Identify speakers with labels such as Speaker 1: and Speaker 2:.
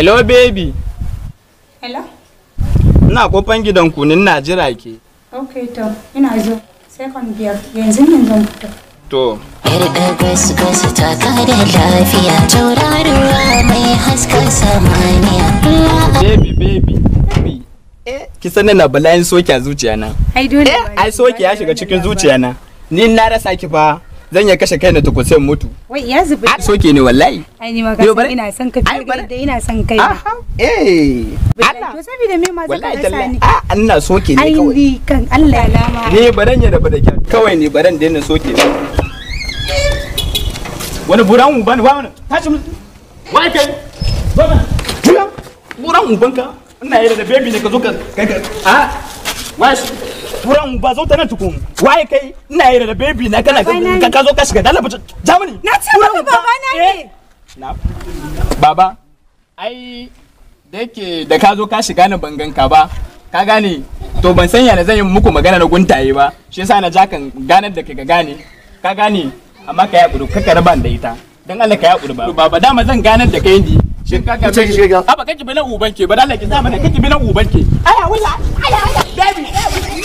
Speaker 1: Hello baby. Hello. Ina kofan gidanku ni ina jira ke. Okay to, ina zo. Second biyar yanzu ne zan fita. To. Gaisu gaisu ta kare lafiya tauraruwa mai haska samaniya. Baby baby. Eh. Ki sanar na bala'in soke a zuciya na. Ai dole. Eh, ai soke ya shiga cikin zuciya na. Ni na rasa ki fa. zan ya kashe kai na tukun sai mutu wai ya zubi a soke ne wallahi ai ni maka san ina son ka fiye da ina son kai eh Allah to saboda me ma zaka rasa ni a ah, ina soke ne kawai ai kan Allah lama ne baran ya rabu da bada kawai ne baran da ina soke ne wani buran uban ba wani tashi mutu. wai kai zo buran uban ka ina yi da baby ne ka zo ka a ah, wai turan ba zo ta nan tukun waye kai ina yi da baby na kana ka ka zo ka shiga dalla jamani na ce maka baba na ne eh. na baba ai da yake da ka zo ka shiga na bangan ba ka gane to ban sanya na zan yi muku magana na guntaye ba shi yasa na ja kan ganar da kai ka gane ka gane amma ka kudu ka ban da ita dan Allah ka kudu ba baba dama zan ganar da kai ni shin ka karbe shi a ba kake bi na uban ke ba dan Allah ki mana kake bi na uban ke aya wallahi aya baby